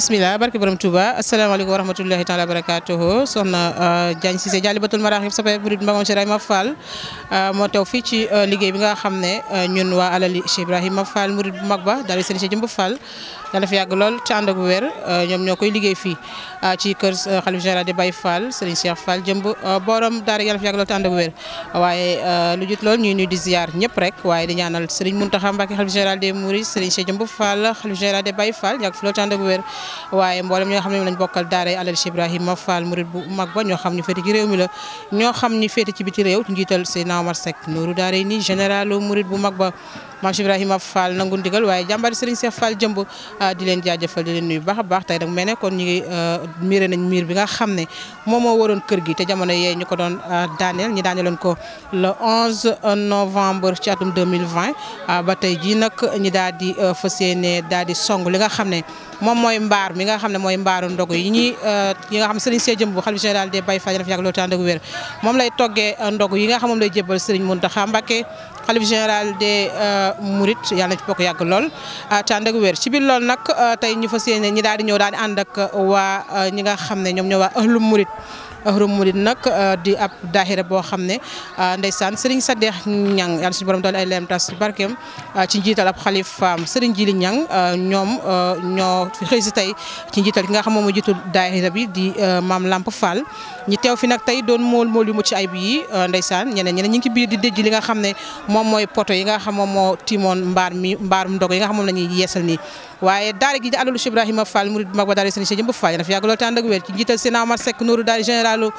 bismillah barke borom Touba asalaamaaleykum wa rahmatullahi taala wa barakatuhu soxna euh, Diagne Cissé Diallibatul Maraaxib sopé murid mbagam Cheikh Ibrahima Fall euh, moo teew fii ci euh, liggéey bi nga xam ne ñun waa alali Cheikh ma Fall murid bu mag ba daal di seen Cheikh Jëmb yàlla fi yàgg lool ci ànd ak wér euh, ñoom ñoo koy liggéey fii euh, ci kër euh, xalif général de Baye Fall Serigne Cheikh Fall jëmb borom daara yàlla fi lool ci ànd ak waaye lu jut lool ñuy nuy di ziar ñëpp rek waaye di ñaanal Serigne Mountakha Mbacké xalif général des Mourides Serigne Cheikh Jëmb Fall xalif général de Baye Fall yàgg fi lool ci ànd ak wér ñoo xam ne lañ bokkal daara Alal Cheikh bu mag ba ñoo xam ñu féete ci réew mi la ñoo xam ñu féete ci biti réew njiital Seydina Omar Seck nooru daara ni général murid bu mag ba maam Cheikh Ibrahima Fall nangu ndigal waaye jàmbaari Serigne Cheikh Fall jëmb ah, di leen jaajëfal di leen nuyu baax a baax tey nag mel ne kon ñu euh, miire nañ miir bi nga xam ne moom moo waroon kër gi te jamono yee ñu ko doon ah, daaneel ñu daaneeloon ko le 11 novembre ci atum 2020 ah, ba tey jii nag ñi daal di euh, fas yéene daal di song li nga xam ne moom mooy mbaar mi nga xam ne mooy mbaaru ndogu yi ñuy euh, yi nga xam ne Serigne Cheikh jëmb bu xalifa général des Baye Fall yàlla na fi yàgg loolu tànd ak wér moom lay toggee ndogu yi nga xam moom lay jébbal Serigne Mountakha Mbacké xalif général des euh, Mourides yàlla na ci bokk yàgg lool euh, te ànd ak wér ci biir loolu nag euh, tey ñu fa yéene ñi daal di ñëw daal di ànd ak waa ñi nga xam ne ñoom ñoo waa ahlul ahlu murid nag euh, di ab daahira boo xam ne euh, ndeysaan Serigne Sadex Ñang yàlla suñu borom dool ay leem tas ci barkeem euh, ci njiital ab xalifaam Serigne Jili Ñang ñoom ñoo xëy tey ci njiital ki nga xam moom moo jiitu daahira bi di maam Lamp Fall ñi teew fi nag tey doon mool mool yu mucc ayib yi ndeysaan ñeneen ñeneen ñi ngi ci biir di déj li nga xam ne moom mooy poto yi nga xam moom moo tiimoon mbaar mi mbaarum ndog yi nga xam moom la ñuy yeesal nii waaye daara gi di alalu Cheikh Ibrahima Fall murid bu mag ba daara sëriñ Cheikh Jëmb Fall yàlla na fi yàgg ci njiital seen Omar Seck nooru daara euh,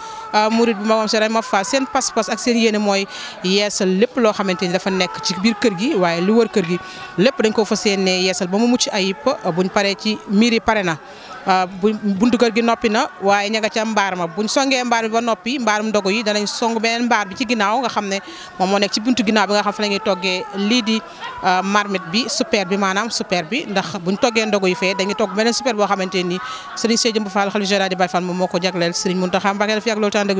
seen pas-pas ak seen yéene mooy yeesal lépp loo xamante ni dafa nekk ci biir kër gi waaye lu wër kër gi lépp dañ ko fas yéene yeesal ba mu mucc ayib buñ paree ci miir yi pare na Ah, bu buntu kër gi noppi na buñ xam ne moom moo nekk ci buntu ginnaaw bi nga xam fa la toggee lii ah, bi super bi maanaam super bi ndax buñ toggee ndogu yi fee dañuy togg beneen super boo xamante ni Serigne Seye Jëmb Fall xalifa général fi ak loolu tànd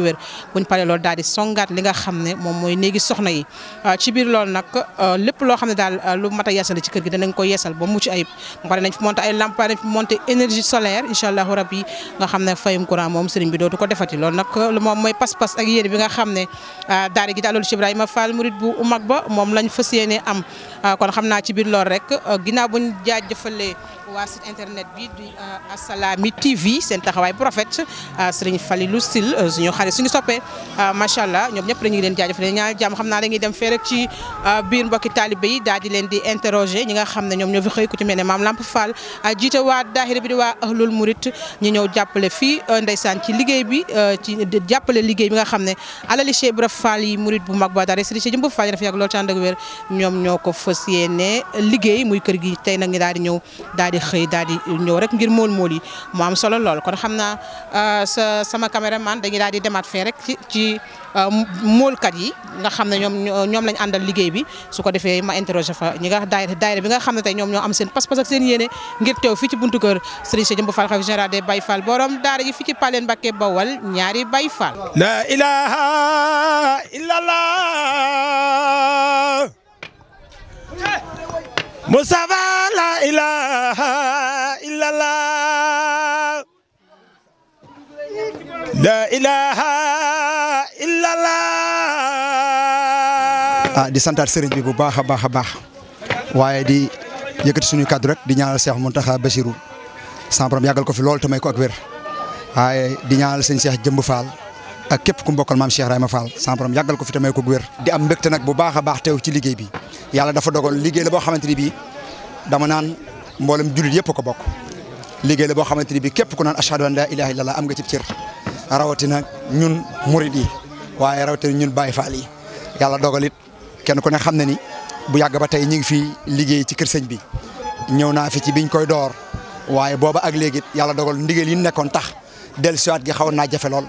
li nga xam ne moom mooy néegi soxna yi ah, ci biir lool nag lépp loo xam ne daal lu mat a yeesal ci kër gi danañ ko yeesal ba mucc ayib pare ay lampe nañ énergie solaire maire incha allahu rabbi nga xam ne fayum courant moom sëriñ bi dootu ko defati loolu nag moom mooy pas-pas ak yéen bi nga xam ne ah, daara gi daaloolu Cheikh Ibrahima Fall murid bu mag ba moom lañ fas yéene am ah, kon xam naa ci biir lool rek ah, ginnaaw buñ jaajëfalee waa site internet bi di Assalaamy TV seen taxawaay bu rafet sëriñ Falilou Sil suñu xarit suñu soppee macha allah ñoom ñëpp dañu ngi leen jaajëfalee ñaar jàmm xam naa dañuy dem fee rek ci biir mbokki taalibe yi daal di leen di interroger ñi nga xam ne ñoom ñoo fi xëy ku ci mel ne Maam Lamp Fall jiite waa daahira bi di waa ahlul murit ñu ñëw jàppale fii euh, ndeysaan ci liggéey bi euh, ci jàppale liggéey bi nga xam ne alali Cheikh Ibra Fall yi murit bu mag ba dara Serigne Cheikh Jëmb Fall yi dafa ci ànd ak wér ñoom ñoo ko fas yéene liggéey muy kër gi tey nag ñu daal di ñëw daal di xëy daal di ñëw rek ngir mool mool yi mu am solo lool kon xam naa euh, sa sama caméraman dañuy daal di demaat fee rek ci ci moolkat yi nga xam ne ñoom ñoom lañ àndal liggéey bi ko defee ma interroger fa ñi nga daayira seen seen yéene ngir teew fii ci buntu kër Serigne Cheikh Ibou Fall xalifa général des Baye Fall borom daara ji fi ci Paleen Mbacké Bawal ñaari Baye Fall la ilaha illallah ah, di santaat sëriñ bi bu baax a baax a baax waaye di yëkkati suñu kaddu rek di ñaanal Cheikh Mountakha Bassirou sama borom ko fi lool te may ko ak wér waaye di ñaanal sëñ Cheikh Jëmb faal ak képp ku mbokkal maam Cheikh Rayma Fall sama borom yàggal ko fi te may ko ak wér. di am mbégte bu baax a baax teew ci liggéey bi yàlla dafa dogal liggéey la boo xamante ni bii dama naan mboolem jullit yëpp ko bokk liggéey boo xamante ni bii képp ku naan ashhadu an laa ilaaha am nga ci cër rawatina ñun murid yi waaye rawatina ñun Baye Fall yi yàlla dogal it kenn ku ne xam na ni bu yàgg ba tey ñu ngi fi liggéey ci kër sëñ bi ñëw naa fi ci biñ koy door waaye booba ak léegi yàlla dogal ndigal yi nekkoon tax dellu siwaat gi xawoon naa jafe lool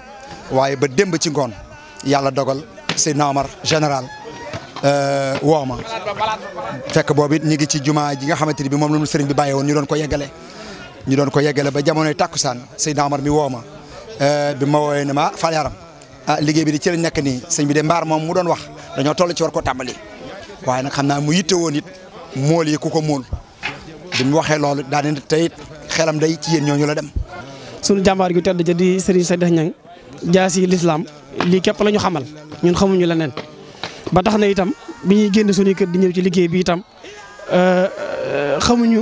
waaye ba démb ci ngoon yàlla dogal Seydina Omar général euh, woo ma fekk boobu it ñu ngi ci jumaa ji nga xamante ni bi moom la sëriñ bi bàyyi woon ñu doon ko yeggale ñu doon ko yeggale ba jamonoy tàkkusaan Seydina Omar mi woo ma euh, bi ma woowee ne ma ah, fal yaram ah liggéey bi di ci la nekk nii sëñ bi de mbaar moom mu doon wax dañoo toll ci war koo tàmbali waaye nag xam naa mu yitte woon it mool yi ku ko mool bi mu waxee loolu daa ne tey xelam day ci yéen ñooñu la dem. suñu jàmbaar yu tedd ja di Serigne Sadikh Niang jaasi lislaam lii képp lañu ñu xamal ñun xamuñu leneen ba tax na itam bi ñuy génn suñuy kër di ñëw ci liggéey bi itam euh, euh, xamuñu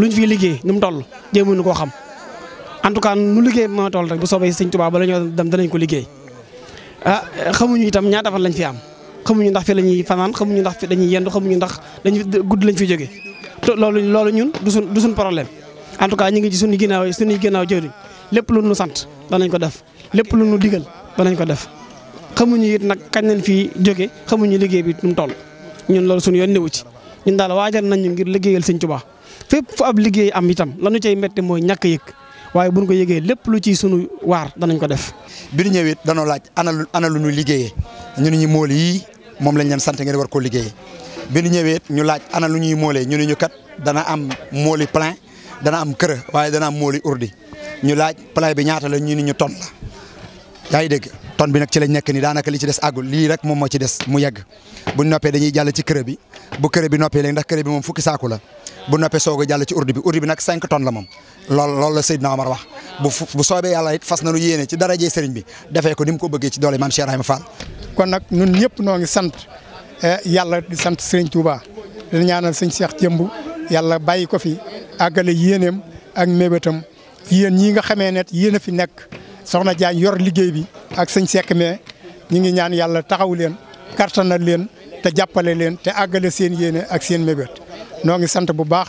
luñ fi liggéey nu mu toll jéemuñu koo xam en tout cas nu liggéey moo toll rek bu soobee Sëñ Tuubaa ba la ñoo dem danañ ko liggéey ah xamuñu itam ñaata fan lañ fi am xamuñu ndax fi la ñuy fanaan xamuñu ndax fi dañuy yendu xamuñu ndax dañuy gudd lañ fi jóge loolu loolu ñun du suñ du suñ problème en tout cas ñu ngi ci suñu ginnaaw suñu ginnaaw jëriñ lépp lu nu sant danañ ko def lépp lu nu digal danañ ko def xamuñu it nag kañ lañ fii jóge xamuñu liggéey bi nu mu toll ñun loolu suñu yoon newu ci ñun daal waajal nañ ñu ngir liggéeyal Sëñ Tuubaa fépp fu ab liggéey am itam lañu cay métti mooy ñàkk yëg waaye buñ ko yëgee lépp lu ci sunu waar danañ ko def. bi ñu ñëwee danoo laaj ana lu ana lu ñu liggéeyee ñun ñi mool yii moom lañ leen sant ngeen war koo liggéeyee bi ñu ñëwee ñu laaj ana lu ñuy moolee ñu ne ñu kat dana am mooli plein dana am kër waaye dana am mooli urdi ñu laaj plein bi ñaata la ñu ni ñu ton la yaa ngi dégg ton bi nag ci la nekk ni daanaka li ci des àggul lii rek moom moo ci des mu yegg bu noppee dañuy jàll ci kër bi bu kër bi noppee léegi ndax kër bi moom fukki saaku la bu noppee soog a jàll ci urdi bi urdi bi nag cinq tonnes la moom lool loolu la Seydina Omar wax bu bu soobee yàlla it fas nañu yéene ci darajee bi defee ko ni ko bëggee ci doole maam Cheikh Ibrahima Fall kon nag Eh, yàlla di sant sëriñ Touba dina ñaanal sëñ Cheikh Jëmb yàlla bàyyi ko fi àggale yéeneem ak mébétam yéen ñii nga xamee ne yéen a fi nekk soxna Diagne yor liggéey bi ak sëñ Seck mais ñu ngi ñaan yàlla taxaw leen kartanal leen te jàppale leen te àggale seen yéene ak seen mébét noo ngi sant bu baax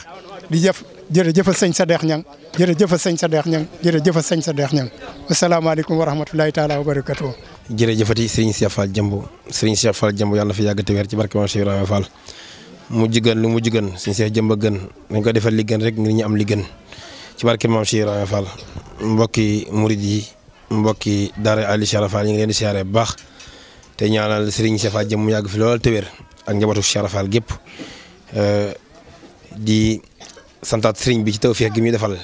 di jëf jërëjëfal sëñ Sadex Ñang jërëjëfal sëñ Sadex Ñang jërëjëfal sëñ Sadex Ñang wasalaamaaleykum wa rahmatulahi taala wa barakatuh jërëjëfati Serigne Cheikh Fall Jëmb Serigne Cheikh Fall Jëmb yàlla na fi yàgg te wér ci barke maam Cheikh Ibrahima mu ji gën lu mu ji gën Serigne Cheikh Jëmb gën dañ ko defal li rek ngir ñu am li ci barke maam Cheikh Ibrahima Fall mbokki murid yi mbokki daara Ali Cheikh Fall ñu ngi leen di siyaare bu baax te ñaanal Serigne Cheikh Fall mu yàgg fi lool te ak njabatu Cheikh Fall gépp di santaat Serigne bi ci tawfeex gi muy defal.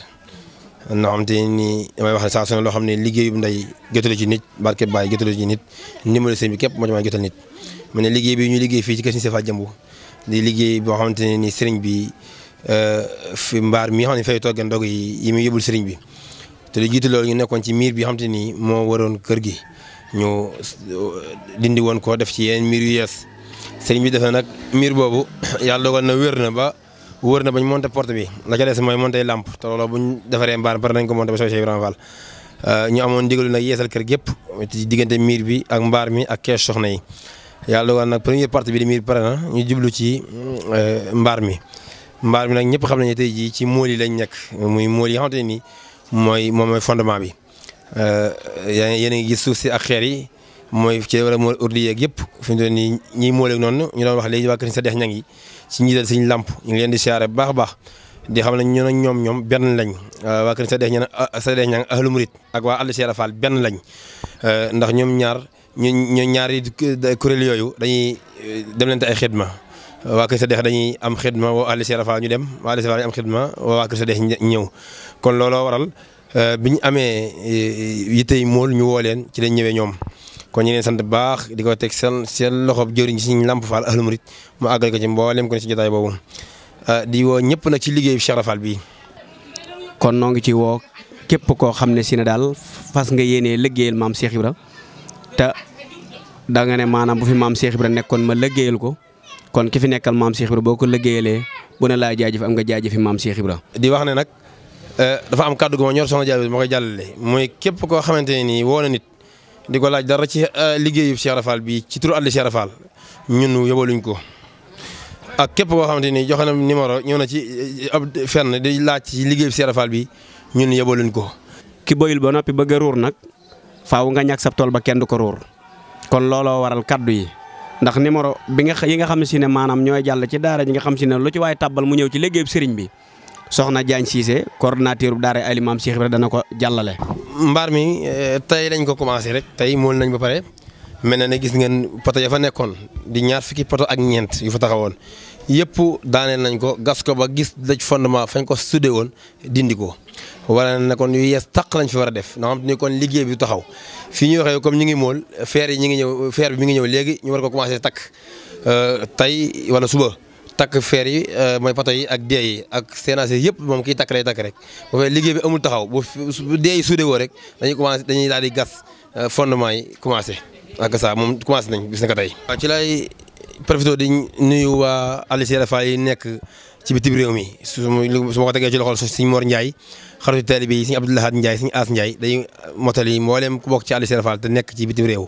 na xam te nii damay wax ne saa loo xam ne liggéeyub ndey jotalu ci nit barke baay jotalu ci nit ndimbal sëñ bi képp moo ci may nit mu ne liggéey bi ñu liggéey fii ci kër Sëñ liggéey boo xamante ne ni sëriñ bi euh, fi mbaar mi nga xam ne fay togg ndog yi yi muy yóbbul sëriñ bi te lu jiitu loolu ñu nekkoon ci miir bi nga xam te ni moo waroon kër gi ñu euh, dindi woon ko def ci yeneen miir yu yees sëriñ bi def nag miir boobu yàlla dogal na wér na ba wóor na bañ monté port bi la ca des mooy monté làmp te bu ñu defaree mbaar pare nañ ko monté ba soo Cheikh Ibrahima euh, amoon ndigalu nag yeesal kër gépp ci diggante miir bi ak mbaar mi ak kees soxna yi yàlla dogal nag première partie bi di miir pare na ñu jublu ci euh, mbaar mi mbaar mi nag ñëpp xam ñu tey jii ci mool yi lañ nekk muy mool yi nii mooy moom mooy fondement bi euh, yéen a ngi gis suuf si ak xeer yi mooy ci wala mool urdi yeeg yëpp fi mu toll nii noonu ñu doon wax léegi waa kër sa dex ñang yi si njiital sëñ làmp ñu ngi leen di siyaare bu baax a baax di xam ne ñun ak ñoom ñoom benn lañ euh, waa kër Sadekh ñan euh, Sadekh ñan ahlu murit ak waa àll Cheikh Fall benn lañ euh, ndax ñoom ñaar ñu ñu ñaari kuréel yooyu dañuy dem leen te ay xidma waa kër Sadekh dañuy am xidma waa àll Cheikh Fall ñu dem waa àll Cheikh Fall ñu am xidma waa kër Sadekh ñëw kon looloo waral bi ñu amee yitey mool ñu woo leen ci lañ ñëwee ñoom. kon ñu leen sant bu baax di ko teg seen seen loxob jëriñ si ñu Lamp Fall Ahlu Murid mu àggal ko ci mboolem ko ne si jotaay boobu ah, di woo ñëpp nag ci liggéey liggéeyu Cheikh Rafal bi kon noo ngi ci woo képp koo xam ne si ne daal fas nga yéenee liggéeyal maam Cheikh Ibra te da nga ne maanaam bu fi maam Cheikh Ibra nekkoon ma liggéeyal ko kon ki fi nekkal maam Cheikh Ibra boo ko liggéeyalee bu ne laa jaajëf am nga jaajëfi maam bi Ibra. di wax ne nag eh, dafa am kàddu gu ma ñor soxna Diallo ma mooy képp koo xamante nii woo nit di ko laaj dara ci euh, liggéeyu Cheikh Rafal bi ci turu àll Cheikh Rafal ñun yóbbaluñ ko ak képp koo xamante ni joxe na numéro ñëw na ci euh, ab fenn di laaj ci liggéey Cheikh Rafal bi ñun yóbbaluñ ko. ki boyul ba noppi bëgg a ruur nag faaw nga ñàkk sab tool ba kenn du ko ruur kon looloo waral kàddu yi ndax numéro bi nga yi nga xam si ne maanaam ñooy jàll ci daara ji nga xam si ne lu ci waaye tàbbal mu ñëw ci liggéeyu sëriñ bi. soxna Diagne Cissé coordonnateur bu daara Al Imam Cheikh Ibra dana ko jàllale. mbaar mi eh, tey lañ ko commencé rek tey mool nañ ba pare mel na ne gis ngeen poto ya fa nekkoon di ñaar fukki poto ak ñeent yu fa taxawoon yëpp daaneel nañ ko gas ko ba gis daj fondement fañ ko sudee woon dindi ko. wala na kon yu yees taq lañ fi war a def nga xam te ni kon liggéey bi taxaw fi ñu waxee comme ñu ngi mool feer yi ñu ngi ñëw feer bi mi ngi ñëw léegi ñu war ko commencé takk euh, tey wala suba. takk feer yi euh, mooy pata yi ak dee ak CNAC yëpp moom kiy takk lay takk rek bu fekkee liggéey bi amul taxaw bu dee yi suude woo rek dañuy commencé dañuy daal di gas euh, fondement yi commencé ak ça moom commencé nañ bis na ko tey. ci lay profité di nuyu waa Aliou Seye yi nekk ci bitim réew mi su ma ko tegee ci loxol si Mor Ndiaye. xaritu taalibe yi sëñ Abdou Lahad Ndiaye sëñ As Ndiaye dañuy motali mbooleem ku bokk ci àll seen faal te nekk ci bitim réew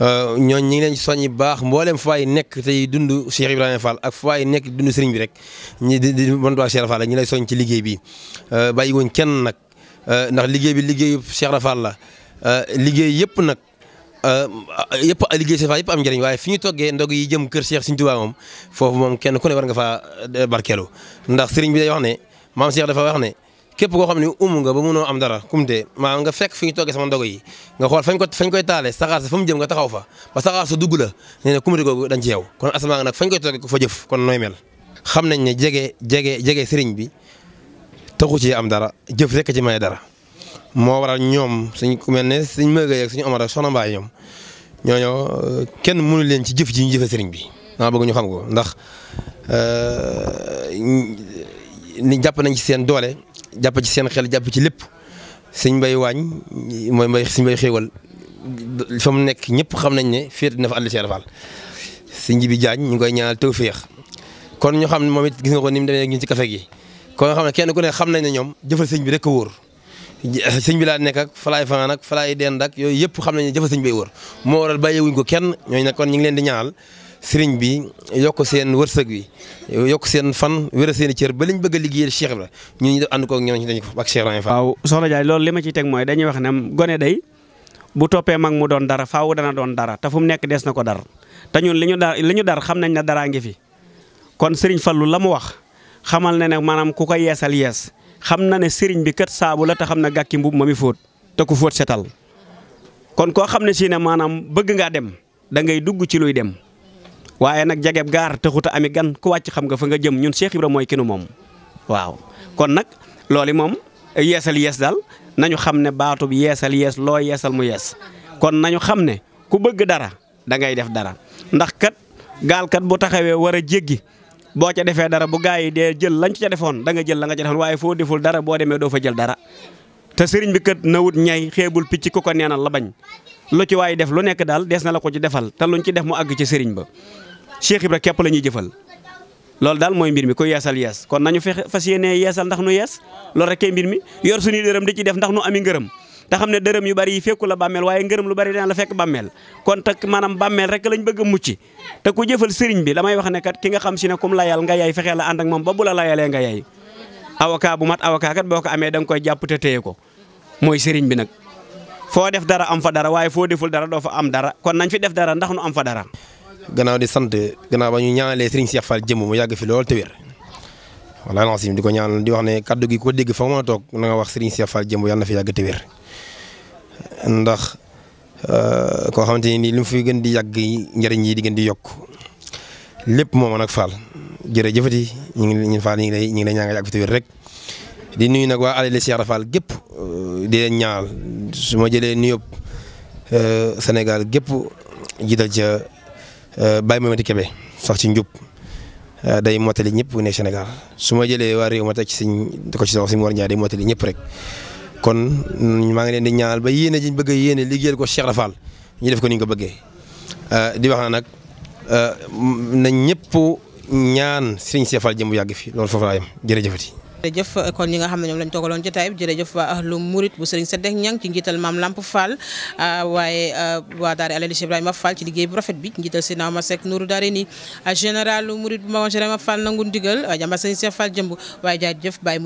euh, ñooñ ñi ngi leen soññi baax mbooleem fu waay nekk tey dund Cheikh Ibrahima Fall ak fu nekk dund sëriñ bi rek ñi di di mëntuwaat Cheikh Fall ñu lay soñ ci liggéey bi euh, bàyyi wuñ kenn nag euh, ndax liggéey bi liggéeyu Cheikh Fall la liggéey yëpp nag yëpp liggéey Cheikh Fall yëpp am njëriñ waaye fi ñu toggee ndog yi jëm kër Cheikh Sëriñ Tuubaa moom foofu moom kenn ku ne war nga faa barkeelu ndax sëriñ bi day wax ne maam Cheikh dafa wax ne képp koo xam ne umu nga ba mënoo am dara kum maa maanaam nga fekk fi ñu toogee sama ndogo yi nga xool fañ ko fañ koy taale saxaar sa fa mu jëm nga taxaw fa ba saxaar sa dugg la nee na kumte googu dañ ci yow kon asamaan nag fañ koy toogee ko fa jëf kon nooy mel xam nañ ne jege jege jege sëriñ bi taxu ci am dara jëf rek ci may dara moo waral ñoom suñ ku mel ne suñ mëgay ak suñu Omar ak soxna ñoo ñoom kenn mënu leen ci jëf ji ñu jëfe sëriñ bi dama bëgg ñu xam ko ndax ni euh, jàpp nañ ci seen doole jàppa ci seen xel jàpp ci lépp sëñ mbay waañ mooy mbay sëñ mbay xéewal fa mu nekk ñëpp xam nañ ne féet na fa ànd Cheikh Fall sëñ bi jaañ ñu ngi koy ñaanal tawféex kon ñu xam ne moom it gis nga ko ni mu demee ñu ci kafe gi kon xam ne kenn ku ne xam nañ ne ñoom jëfal sëñ bi rek a wóor sëñ bi laa nekk ak falaay fanaan ak falaay dend ak yooyu yëpp xam nañ ne jëfal sëñ bay wóor moo waral bàyyiwuñ ko kenn ñooñu nag kon ñu ngi leen di ñaanal sëriñ bi yokk seen wërsëg wi yokk seen fan wér seen i cër ba liñ bëgg a liggéeyal Cheikh Ibra ñu ñu ànd koog ñoom dañ ko ak Cheikh Ibrahima Fall. waaw soxna Diagne loolu li ma ciy teg mooy dañuy wax ne gone day bu toppee mag mu doon dara faaw dana doon dara te fu mu nekk des na ko dar te ñun li ñu dar li ñu dar xam nañ ne daraa ngi fi. kon sëriñ lu la mu wax xamal na ne maanaam ku ko yeesal yees xam na ne sëriñ bi kat saabu la te xam na gàkki mbubu ma mi fóot te ku fóot kon koo xam ne si ne maanaam bëgg ngaa dem da ngay dugg ci luy dem waaye nag jageb gaar taxuta ami gan ku wàcc xam nga fa nga jëm ñun Cheikh Ibra mooy kinu moom waaw kon nag loolu moom yeesal yees daal nañu xam ne baatu yeesal yees loo yeesal mu yees kon nañu xam ne ku bëgg dara da ngay def dara ndax kat gaalkat bu taxawee war a jéggi boo ca defee dara bu gaa yi dee jël lañ ca defoon da nga jël la nga ca defoon waaye foo deful dara boo demee doo fa jël dara te sëriñ bi kat nawut ñay xeebul picc ku ko neenal la bañ lu ci waay def lu nekk daal des na la ko ci defal te luñ ci def mu àgg ci sëriñ ba Cheikh Ibra képp la ñuy jëfal loolu daal mooy mbir mi ku yeesal yees kon nañu fexe fas yéenee yeesal ndax nu yees loolu rek mbir mi yor suñuy dërëm di ci def ndax nu ami ngërëm te xam ne dërëm yu bari yi fekku la bàmmeel waaye ngërëm lu bari dina fekk bàmmeel kon tak maanaam rek lañ bëgg a mucc te ku jëfal sëriñ bi damay wax ne kat ki nga xam si ne kum layal nga yaay fexee la ànd ak moom ba bu la layalee nga yaay bu mat avocat kat boo ko amee da koy jàpp ko mooy sëriñ bi nag foo def dara am fa dara waaye foo deful dara doo fa am dara kon nañ fi def dara ndax nu am fa dara gannaaw di sant gannaaw ba ñu ñaanalee Serigne Cheikh Fall jëmm mu yàgg fi lool te wér wala lancim di ko ñaanal di wax ne kaddu gi ko dégg fa ma toog na nga wax Serigne Cheikh Fall jëmm yàlla na fi yàgg ndax euh, koo xamante ni lu mu gën di yàgg njëriñ yi di gën di yokk lépp moom nag Fall jërëjëfati ñu ngi ñu ngi lay ñu ngi lay ñaan nga yàgg fi te rek. di nuyu nag waa Alioune Cheikh Fall gépp euh, di leen su ma jëlee nuyoo euh, Sénégal gépp jiital Euh, Baye Mamadi Kébé sax ci njub euh, day motali ñëpp bu ne Sénégal su ma jëlee waa réew ma ci siñ ko ci sox si Mor ñaar day motali ñëpp rek kon maa ngi leen di ñaanal ba yéene ji ñu bëgg a yéene liggéeyal ko Cheikh Rafal ñu def ko ni ñu ko bëggee euh, di wax na nag na ñëpp ñaan Serigne Cheikh Fall jëm yàgg fi loolu foofu laa yem jërëjëfati jërëjëf kon ñi nga xam ne ñoom lañ toogaloon ci tay jërëjëf waa ahlu murit bu sëriñ Sadek Ñang ci njiital maam Lamp Fall ah, waaye ah, waa daara Alaaji Cheikh Ibrahima Fall ci liggéey bi njiital si naaw ma ni général murit bu magoon Ibrahima Fall nangu ndigal waaye jàmba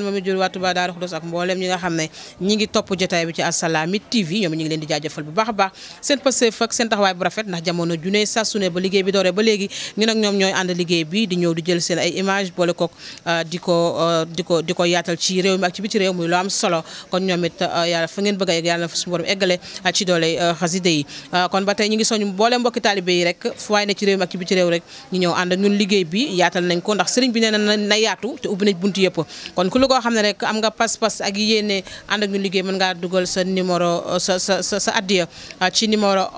moom i jur waa Touba Daara Xudoos ak mboolem ñi nga xam ne ñi ngi topp jotaay bi ci Assalaamy TV ñoom ñi ngi leen di jaajëfal bu baax a bu rafet ndax jamono junee saa su ne liggéey bi dooree ba léegi ñun ak ñoom ñooy ànd liggéey bi di ñëw di jël seen ay image boole kook Euh, di ko euh, di ko di ko yaatal ci réew mi ak ci biti réew muy lu am solo kon ñoom it euh, yàlla ngeen bëgg a yegg yàlla na fa suñu borom ci doole xaside yi kon ba tey ñu ngi soñu boole mbokki taalibe rek fu waay ne ci réew mi ak ci biti réew rek ñu ñëw ànd ak ñun liggéey bi yaatal nañ ko ndax sëriñ bi nee na na yaatu te ubbi nañ bunt yëpp kon ku lu koo xam ne rek am nga pas-pas ak yéene ànd ak ñun liggéey mën ngaa dugal sa numéro sa addiya ci numéro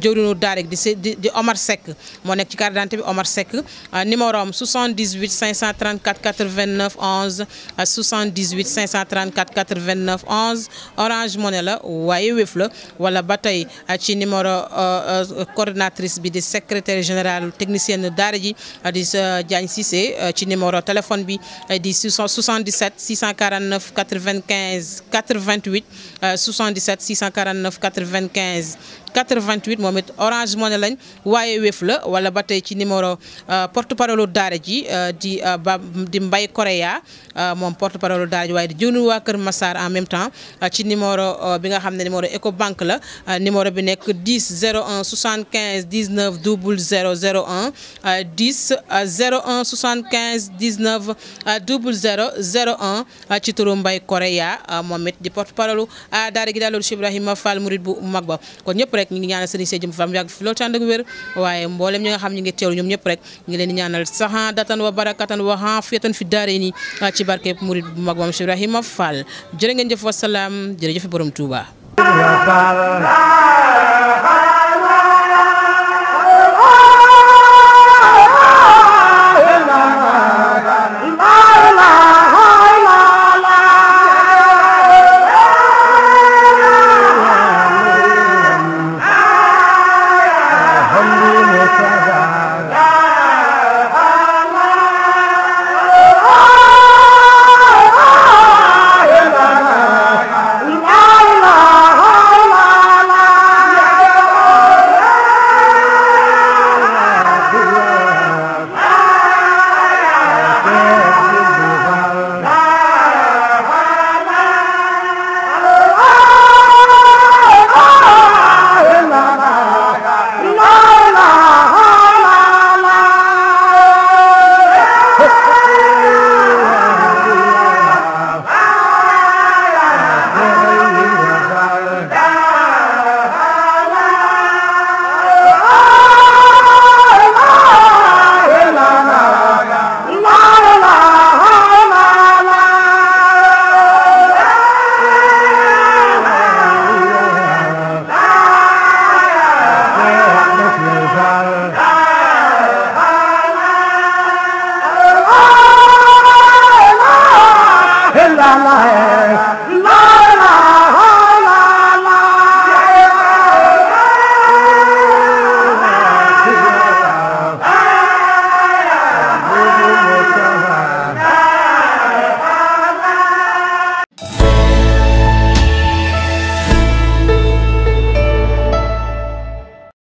jëwriñu daarek di di Omar Seck moo nekk ci carte d'identité bi Omar Seck euh, numéro am 78 534 89 11 78 534 89 11 Orange Money la waaye Wave la wala ba tey euh, ci numéro euh, coordinatrice bi di secretaire général technicienne daara ji di Diagne Cissé ci numéro téléphone bi di 77 649 95 88 77 649 95 88 moom it orange money lañ waaye wéef la wala ba tey ci numéro euh, porte parole daara ji euh, di euh, ba di Mbaye Korea moom porte parole daara ji waaye di waa Kër Massar en même temps ci numéro bi xam ne numéro Ecobank la numéro bi nekk 10 01 75 19 00 01 10 01 75 19 00 01 ci turu Mbaye Korea di porte parole daara gi daal loolu Cheikh Ibrahima Fall Murid bu mag ba kon ñëpp rek ñu ngi ñaanal jëm fam yàgg fi loolu tànd ak wér waaye mboolem ñi nga xam ñi ngi teewlu ñoom ñëpp rek ngi leen ñaanal saxan datan wa barakatan wa xaafiyatan fi daare ni ci barkeb murid bu mag maam Cheikh Ibrahima Fall jërë ngeen jëf wasalaam jërëjëf borom Touba